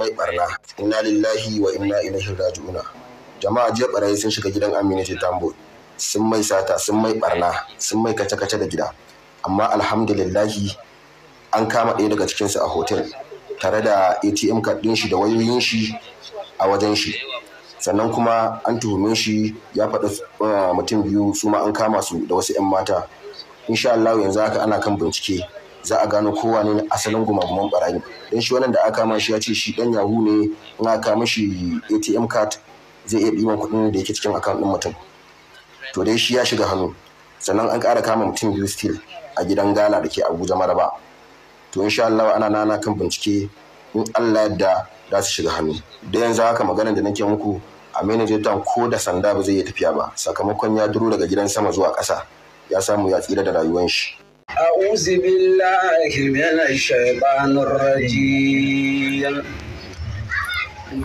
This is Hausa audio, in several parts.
mai barna inna lillahi wa inna ilaihi raji'una jama'a jiya barayi sun shiga gidan ce tambo sun mai sata sun mai barna sun mai kace kace da gida amma alhamdulillahi an kama ɗaya daga cikinsu a hotel tare da atm card din shi da wayoyin shi a wajen shi sannan kuma an tuhume shi ya faɗi eh, mutum biyu su ma an kama su da wasu 'yan mata insha Allah yanzu haka ana kan bincike za a gano kowa ne asalin gumaguman barayi don shi wannan da aka kama shi ya ce shi dan yahu ne in ka mashi atm card zai iya ɗiban kuɗin da yake cikin account ɗin mutum to dai shi ya shiga hannu sannan an ƙara kama mutum biyu still a gidan gala da ke abuja maraba to insha Allah ana nana kan bincike in Allah yadda za su shiga hannu da yanzu haka magana da nake muku a manajan ko da sanda ba zai iya tafiya ba sakamakon ya duro daga gidan sama zuwa ƙasa ya samu ya tsira da rayuwar shi أعوذ بالله من الشيطان الرجيم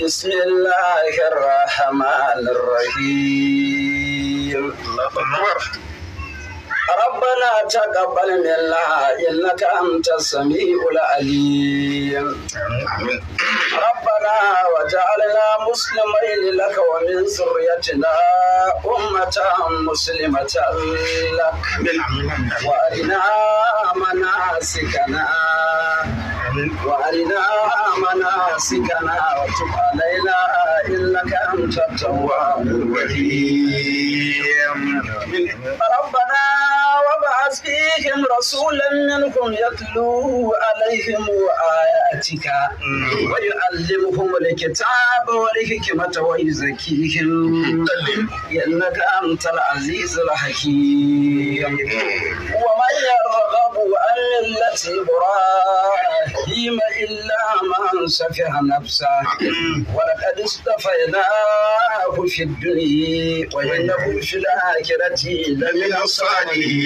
بسم الله الرحمن الرحيم الله أكبر ربنا تقبل منا إنك أنت السميع العليم ربنا وجعلنا مسلمين لك ومن ذريتنا أمة مسلمة لك وأرنا مناسكنا وأرنا مناسكنا وتب علينا إنك أنت التواب الرحيم ربنا وبعث فيهم رسولا منهم يتلو عليهم آياتك ويعلمهم الكتاب والحكمة ويزكيهم إنك أنت العزيز الحكيم ومن يرغب عن ملة إبراهيم إلا من سفه نفسه ولقد اصطفيناه في الدنيا وإنه في الآخرة لمن الصالحين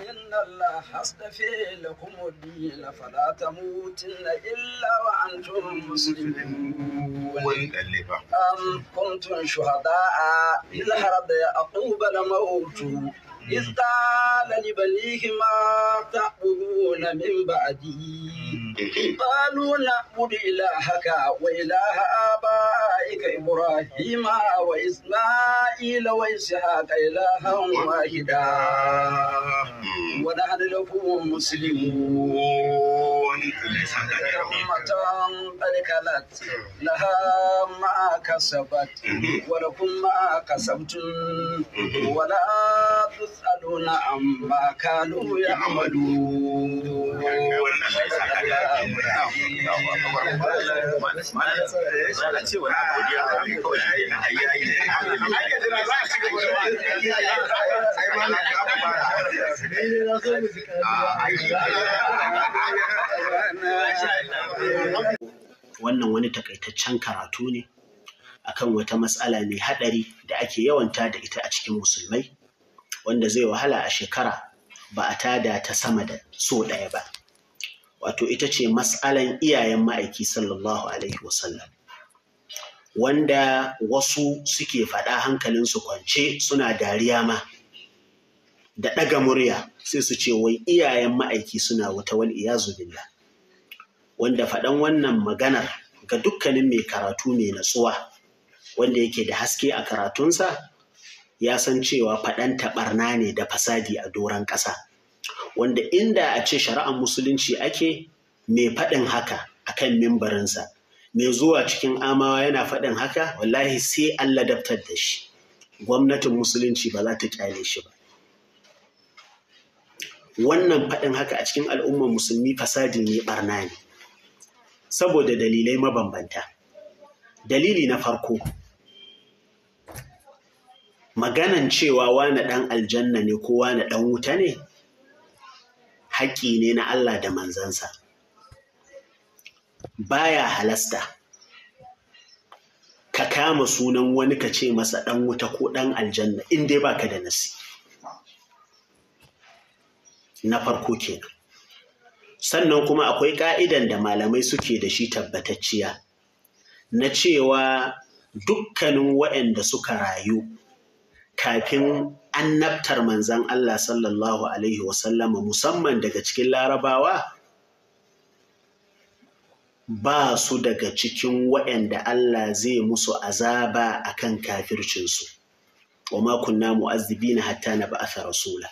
إن الله حصطفي لكم الدين فلا تموتن إلا وأنتم مسلمون أم كنتم شهداء إذ هرب يعقوب الموت إذ قال لبنيه ما تعبدون من بعدي قالوا نعبد إلهك وإله آبائك إبراهيم وإسماعيل وإسحاق إلها واحدا ونحن مسلمون أمة قد خلت لها ما كسبت ولكم ما كسبتم ولا تسألون عما كانوا يعملون Ayo, ayo, ayo, ayo, ayo, Wannan wani takaitaccen karatu ne akan wata matsala mai haɗari da ake yawanta da ita a cikin musulmai wanda zai wahala a shekara ba a tada ta sama da so ɗaya ba. Wato ita ce matsalan iyayen ma'aiki sallallahu Alaihi wasallam. Wanda wasu suke faɗa hankalinsu kwance suna dariya ma. da ɗaga murya sai su ce wai iyayen ma'aiki suna wuta wal iyazu billah wanda faɗan wannan maganar ga dukkanin mai karatu mai natsuwa wanda yake da haske a karatunsa ya san cewa faɗan taɓarna ne da fasadi a doron ƙasa wanda inda a ce shari'ar musulunci ake mai faɗin haka a kan mimbarinsa mai zuwa cikin amawa yana faɗin haka wallahi sai Allah ladabtar da shi gwamnatin musulunci ba za ta ƙyale shi ba wannan faɗin haka a cikin al'ummar musulmi fasadi ne barna ne saboda dalilai mabambanta dalili na farko maganan cewa wane ɗan aljanna ne ko wane ɗan wuta ne haƙƙi ne na Allah da manzansa baya halasta ka kama sunan wani ka ce masa ɗan wuta ko ɗan aljanna in dai baka da nasi na farko ke sannan kuma akwai ka'idan da malamai suke da shi tabbatacciya na cewa dukkanin waɗanda suka rayu kafin an naftar manzan Allah sallallahu Alaihi wasallama musamman daga cikin larabawa ba su daga cikin waɗanda Allah zai musu azaba a kan kafircinsu, wa makunna na hatta na ba'atha rasula.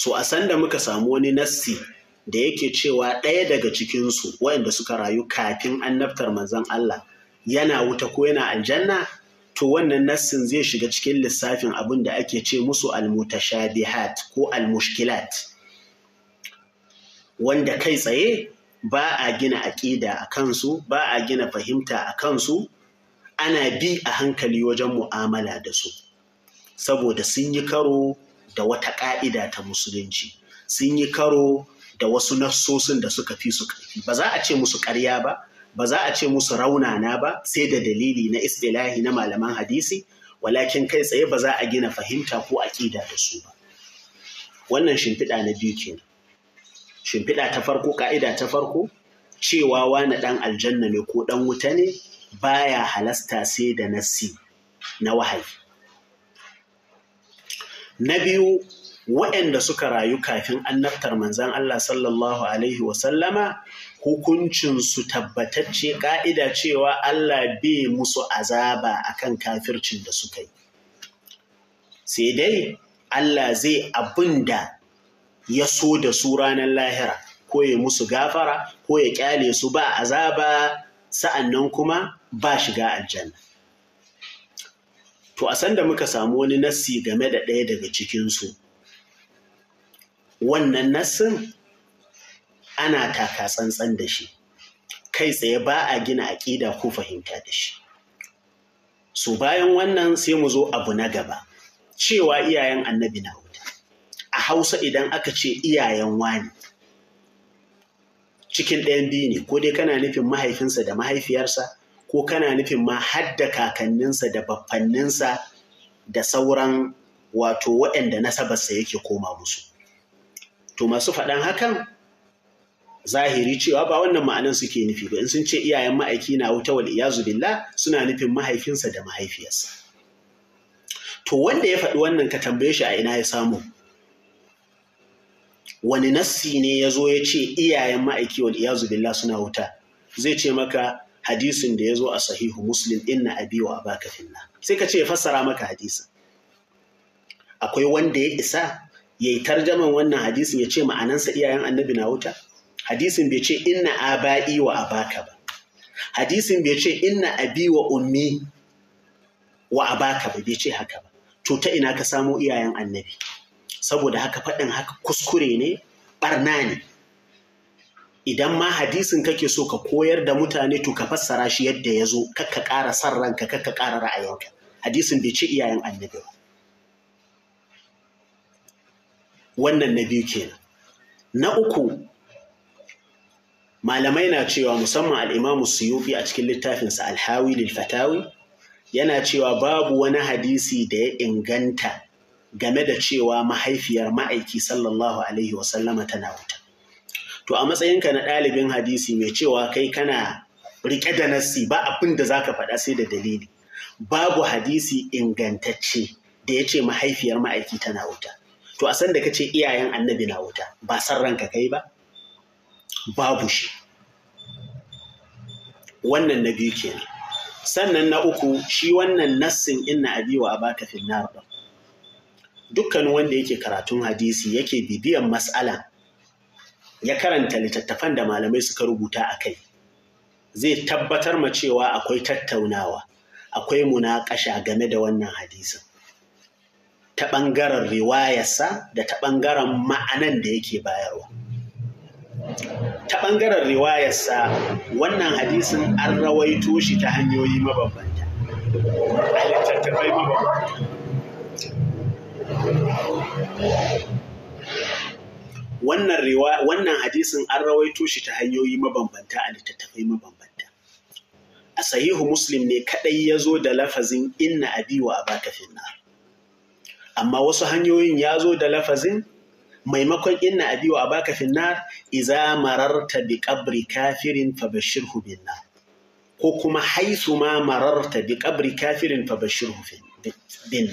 so a sanda muka samu wani nassi da yake cewa ɗaya daga cikinsu waɗanda suka rayu kafin annabtar manzon Allah yana wuta ko yana aljanna to wannan nassin zai shiga cikin lissafin abin da ake ce musu almutashabihat ko almushkilat wanda kai tsaye ba a gina aƙida a kansu ba a gina fahimta a kansu ana bi a hankali wajen mu'amala da su saboda sun yi karo da wata ƙa'ida ta musulunci sun yi karo da wasu nassosin da suka fi su ƙarfi ba za a ce musu karya ba ba za a ce musu raunana ba sai da dalili na istilahi na malaman hadisi walakin kai tsaye ba za a gina fahimta ko aƙida da su ba wannan shimfiɗa na biyu kenan shimfiɗa ta farko ƙa'ida ta farko cewa wani ɗan aljanna ne ko ɗan wuta ne baya halasta sai da nassi na wahayi na biyu waɗanda suka rayu kafin annabtar manzan Allah sallallahu Alaihi wasallama hukuncinsu tabbatacce ƙa'ida cewa Allah bai musu azaba akan kafircin da suka yi. Sai dai Allah zai abin da ya so da su ranar lahira ko ya musu gafara ko ya ƙyale su ba azaba sa'an kuma ba shiga aljanna. to a sanda muka samu wani nassi game da ɗaya daga cikinsu wannan nassin ana taka tsantsan da shi kai tsaye ba a gina aƙida ko fahimta da shi Su bayan wannan sai mu zo abu na gaba cewa iyayen annabi na wuta a hausa idan aka ce iyayen wani cikin ɗayan biyu ne ko dai kana nufin mahaifinsa da mahaifiyarsa ko kana nufin ma hadda kakanninsa da baffanninsa da sauran wato waɗanda nasabarsa yake koma musu. To masu faɗan hakan zahiri cewa ba wannan ma'anan suke nufi ba in sun ce iyayen ma'aiki na wuta wal iyazu billah suna nufin mahaifinsa da mahaifiyarsa. To wanda ya faɗi wannan ka tambaye shi a ina ya samu. Wani nassi ne ya zo ya ce iyayen ma'aiki wal iyazu billah suna wuta zai ce maka hadisin da ya zo a sahihu muslim inna abi wa abaka finna sai ka ce ya fassara maka hadisin akwai wanda ya isa ya yi tarjaman wannan hadisin ya ce ma'anansa iyayen annabi na wuta hadisin bai ce inna aba'i wa abaka ba hadisin bai ce inna abi wa ummi wa abaka ba bai ce haka ba to ta ina ka samo iyayen annabi saboda haka faɗin haka kuskure ne barna ne idan ma hadisin kake so ka koyar da mutane to ka fassara shi yadda ya zo kakka ƙara san ranka kakka ƙara ra'ayinka hadisin bai ci iyayen annabi ba wannan na biyu kenan na uku malamai na cewa musamman al'imamu suyufi a cikin littafinsa alhawi Fatawi yana cewa babu wani hadisi da ya inganta game da cewa mahaifiyar ma'aiki sallallahu alaihi wasallama tana wuta to a matsayinka na ɗalibin hadisi mai cewa kai kana riƙe da nassi ba abin da ka faɗa sai da dalili babu hadisi ingantacce da ya ce mahaifiyar ma'aiki tana wuta to a san da kace iyayen annabi na wuta ba san ranka kai ba babu shi wannan na biyu kenan sannan na uku shi wannan nassin inna abi wa abaka fil nar dukkan wanda yake karatun hadisi yake bibiyan mas'alan. ya karanta littattafan da malamai suka rubuta a kai zai tabbatar ma cewa akwai tattaunawa akwai munaƙasha game da wannan hadisin ta ɓangaren riwayarsa da ta ɓangaren ma'anan da yake bayarwa ta ɓangaren riwayarsa wannan hadisin an rawaito shi ta hanyoyi mabambanta a littattafai mabambanta wannan riwa wannan hadisin an rawaito shi ta hanyoyi mabambanta a littattafai mabambanta a sahihu muslim ne kadai ya zo da lafazin inna abi wa abaka finnar amma wasu hanyoyin ya zo da lafazin maimakon inna abi wa abaka finnar iza mararta bi qabri kafirin fabashirhu bin ko kuma haisu ma mararta bi qabri kafirin fabashirhu bin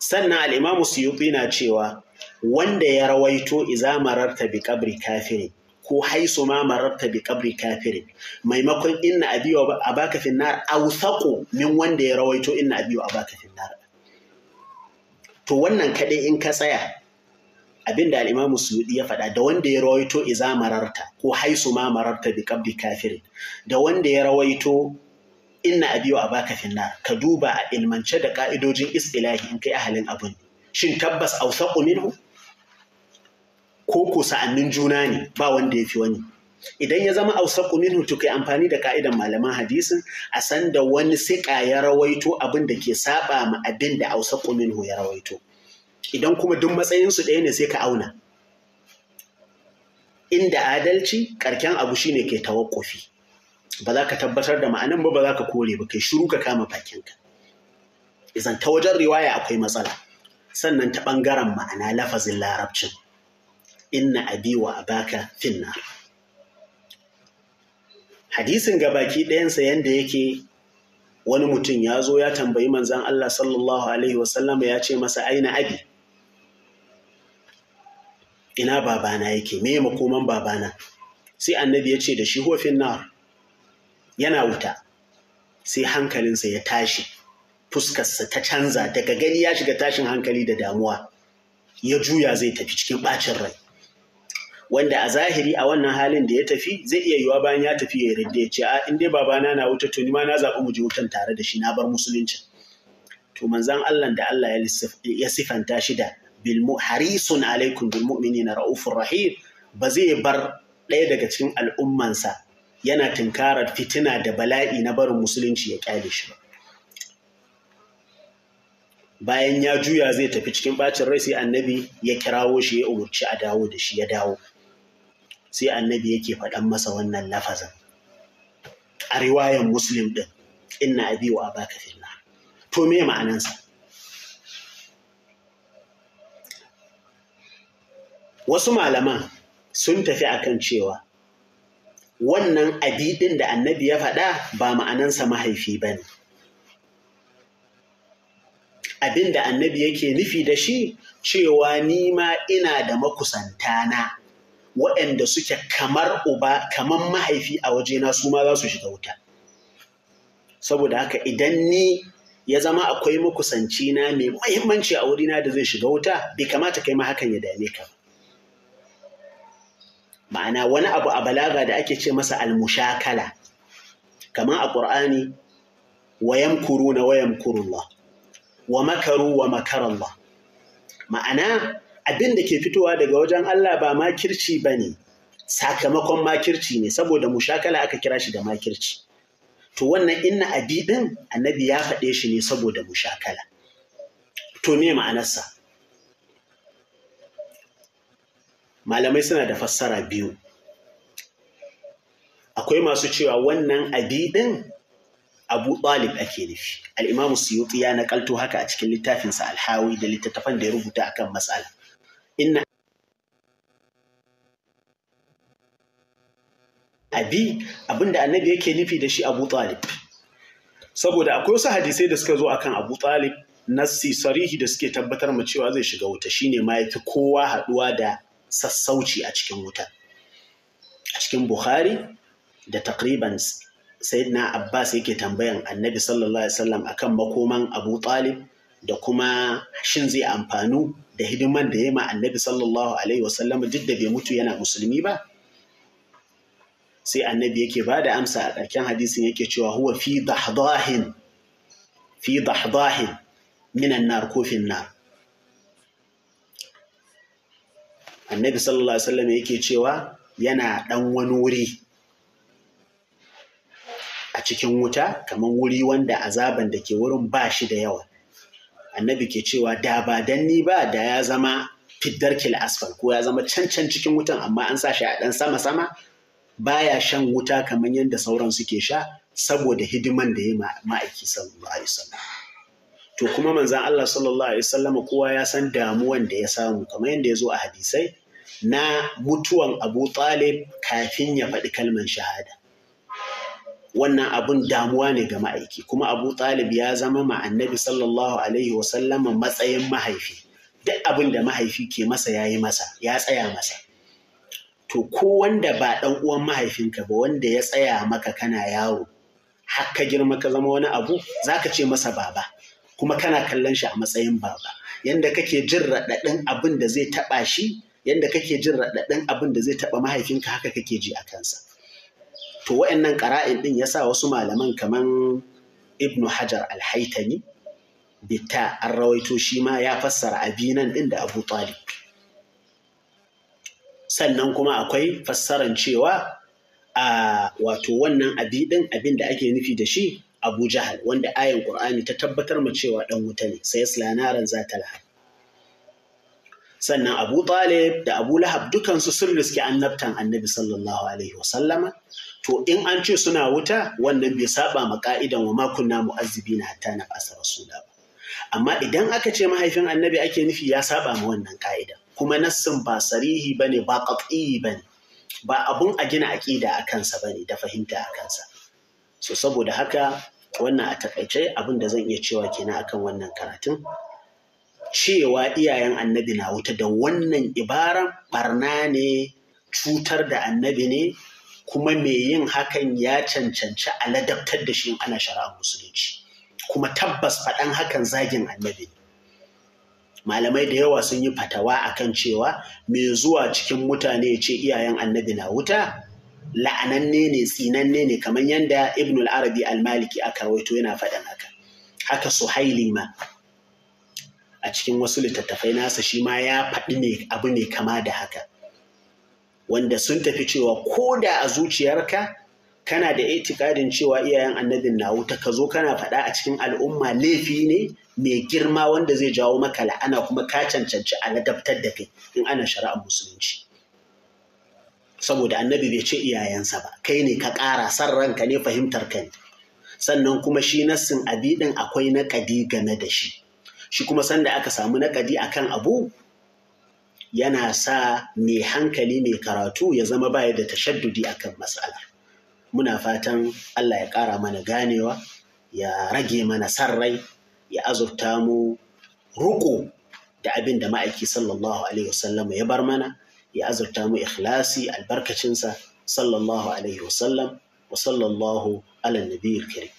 sannan al'imamu suyuti na cewa wanda ya rawaito iza mararta bi kabri kafiri ko haisu ma mararta bi kabri kafiri maimakon inna abi a baka finnar awthaqu min wanda ya rawaito inna abi a baka finnar to wannan kaɗai in ka tsaya abinda al'imamu suyuti ya faɗa da wanda ya rawaito iza mararta ko haisu ma mararta bi kabri kafiri da wanda ya rawaito inna abiyo a baka finna ka duba a ilmance da ka'idojin istilahi in kai ahalin abin shin tabbas ausaqu minhu ko ko sa'annin juna ne ba wanda ya fi wani idan ya zama ausaqu minhu to kai amfani da ka'idan malaman hadisin a san da wani siƙa ya rawaito abin da ke saba ma abin da ausaqu minhu ya rawaito idan kuma duk matsayinsu su ɗaya ne sai ka auna inda adalci karken abu shine ke tawakkufi ba za ka tabbatar da ma'anan ba ba za ka kore ba kai shiru ka kama bakinka izan ta wajen riwaya akwai matsala sannan ta ɓangaren ma'ana lafazin larabcin inna abi wa abaka finna hadisin gabaki ɗayansa yanda yake wani mutum ya zo ya tambayi manzan Allah sallallahu alaihi wasallama ya ce masa aina abi ina babana yake me makoman babana sai annabi ya ce da shi huwa finnar yana wuta sai hankalinsa ya tashi fuskarsa ta canza daga gani ya shiga tashin hankali da damuwa ya juya zai tafi cikin bacin rai wanda a zahiri a wannan halin da ya tafi zai iya yiwa bayan ya tafi ya yarda ya ce a in dai babana na wuta to ni ma na zaɓi mu je wutan tare da shi na bar musulunci to manzon Allah da Allah ya sifanta shi da bil harisun alaikum bil mu'minina raufur rahim ba zai bar ɗaya daga cikin al'ummansa yana tunkarar fitina da bala'i na barin musulunci ya kyale shi bayan ya juya zai tafi cikin bacin rai sai annabi ya kirawo shi ya umarci a dawo da shi ya dawo sai annabi yake faɗan masa wannan lafazin a riwayan muslim ɗin inna abi wa abaka fillah to me ma'anansa wasu malaman sun tafi akan cewa wannan abi da annabi ya faɗa ba ma'anansa mahaifi ba ne. Abin da annabi yake nufi da shi cewa ni ma ina da makusantana waɗanda suke kamar uba kamar mahaifi a wajena su ma za su shiga wuta. Saboda haka idan ni ya zama akwai makusanci na mai muhimmanci a wurina da zai shiga wuta bai kamata kai ma hakan ya dame ka ba. ma'ana wani abu a balaga da ake ce masa almushakala kamar a ƙur'ani wayan kuru na wayan kurullah wa makaru wa makarallah ma'ana abin da ke fitowa daga wajen Allah ba makirci ba ne sakamakon makirci ne saboda mushakala aka kira shi da makirci to wannan inna abi din annabi ya faɗe shi ne saboda mushakala to me ma'anarsa malamai suna da fassara biyu akwai masu cewa wannan abi abu ɗalib ake nufi al'imamu suyuti ya nakalto haka a cikin littafinsa alhawi da littattafan da ya rubuta akan matsala inna abi abinda annabi yake nufi da shi abu ɗalib saboda akwai wasu hadisai da suka zo akan abu ɗalib nassi sarihi da suke tabbatar ma cewa zai shiga wuta shine ma yafi kowa haɗuwa da sassauci a cikin wuta a cikin bukhari da takriban sayyidina abbas yake tambayan annabi sallallahu alaihi wasallam akan makoman abu talib da kuma shin zai amfanu da hidiman da ya ma annabi sallallahu alaihi wasallam duk da bai mutu yana musulmi ba sai annabi yake ba da amsa a ƙarshen hadisin yake cewa huwa fi dahdahin fi dahdahin minan nar kofin nar annabi sallallahu alaihi wasallam yake cewa yana ɗan wani wuri a cikin wuta kamar wuri wanda azaban da ke wurin ba shi da yawa annabi ke cewa da ba dan ni ba da ya zama fiddar kil asfal ko ya zama can can cikin wutan amma an sa shi a ɗan sama sama baya shan wuta kamar yadda sauran suke sha saboda hidiman da ya ma'aiki sallallahu alaihi wasallam to kuma manzan Allah sallallahu alaihi wasallam kowa ya san damuwan da ya samu kamar yadda ya zo a hadisai na mutuwan Abu Talib kafin ya faɗi kalman shahada. Wannan abun damuwa ne ga ma'aiki, kuma Abu Talib ya zama ma annabi sallallahu Alaihi wasallam matsayin mahaifi. Duk abin da mahaifi ke masa ya yi masa, ya tsaya masa. To, ko wanda ba ɗan uwan mahaifinka ba wanda ya tsaya maka kana yawo, har ka girma ka zama wani abu, za ka ce masa baba, kuma kana kallon shi a matsayin baba. Yanda kake jin raɗaɗin abin da zai taɓa shi, yadda kake jin raɗaɗɗen abin da zai taɓa mahaifinka haka kake ji a kansa to wa'annan ƙara'in ɗin ya sa wasu malaman kamar ibnu hajar alhaitani bitta an rawaito shi ma ya fassara abinan ɗin da abu talib sannan kuma akwai fassaran cewa a wato wannan abi ɗin abin da ake nufi da shi abu jahal wanda ayan ƙur'ani ta tabbatar ma cewa ɗan wuta ne sai islanaran za ta lahar sannan Abu Talib da Abu Lahab dukansu sun riski annabtan annabi sallallahu alaihi wa sallama, to in an ce suna wuta wannan bai saba ma ka'idan wa makunna na hatta na fasa rasula ba amma idan aka ce mahaifin annabi ake nufi ya saba ma wannan ka'ida kuma nassin ba sarihi bane ba qat'i bane ba abun a gina aƙida a kansa bane da fahimta a kansa so saboda haka wannan a takaice abin da zan iya cewa kenan akan wannan karatun cewa iyayen annabi na wuta da wannan ibaran barna ne cutar da annabi ne kuma mai yin hakan ya cancanci a ladabtar da shi ana shari'ar musulunci kuma tabbas faɗan hakan zagin annabi ne malamai da yawa sun yi fatawa akan cewa mai zuwa cikin mutane ce iyayen annabi na wuta la'ananne ne tsinanne ne kamar yadda ibnul arabi al-maliki aka rawaito yana faɗin haka haka suhaili ma a cikin wasu littattafai nasa shi ma ya faɗi ne abu ne kama da haka wanda sun tafi cewa ko da a zuciyarka kana da itikadin cewa iyayen annabin na wuta ka zo kana faɗa a cikin al'umma laifi ne mai girma wanda zai jawo maka la'ana kuma ka cancanci a ladabtar da kai in ana shari'ar musulunci saboda annabi bai ce iyayensa ba kai ne ka ƙara san ranka ne fahimtar ka sannan kuma shi nassin abi ɗin akwai na ƙadi game da shi shi kuma sanda aka samu naƙadi akan abu yana sa mai hankali mai karatu ya zama baya da tashaddudi akan matsala muna fatan Allah ya ƙara mana ganewa ya rage mana sarrai ya azurta mu ruko da abin da ma'aiki sallallahu alaihi wasallam ya bar mana ya azurta mu ikhlasi albarkacinsa sallallahu alaihi wasallam wa sallallahu ala nabiyil karim